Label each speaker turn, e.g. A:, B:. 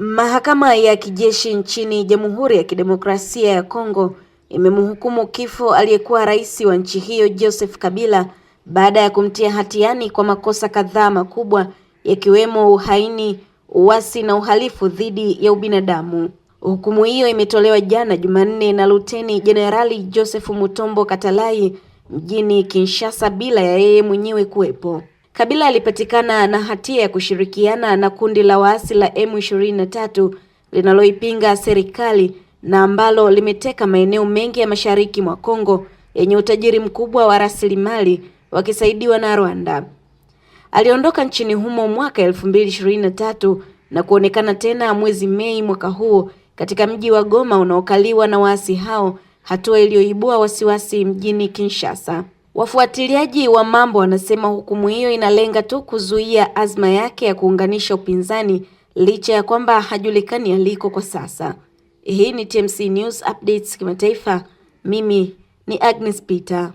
A: Mahakama ya kijeshi nchini Jamhuri ya Kidemokrasia ya Kongo imemhukumu kifo aliyekuwa rais wa nchi hiyo Joseph Kabila baada ya kumtia hatiani kwa makosa kadhaa makubwa yakiwemo uhaini, uasi na uhalifu dhidi ya ubinadamu. Hukumu hiyo imetolewa jana Jumanne na Luteni Jenerali Joseph Mutombo Katalai mjini Kinshasa bila ya yeye mwenyewe kuwepo. Kabila alipatikana na hatia ya kushirikiana na kundi la waasi la M23 linaloipinga serikali na ambalo limeteka maeneo mengi ya mashariki mwa Kongo yenye utajiri mkubwa wa rasilimali wakisaidiwa na Rwanda. Aliondoka nchini humo mwaka 2023 na kuonekana tena mwezi Mei mwaka huo katika mji wa Goma unaokaliwa na waasi hao, hatua iliyoibua wasiwasi mjini Kinshasa. Wafuatiliaji wa mambo wanasema hukumu hiyo inalenga tu kuzuia azma yake ya kuunganisha upinzani licha ya kwamba hajulikani aliko kwa sasa. Hii ni TMC News Updates kimataifa. Mimi ni Agnes Peter.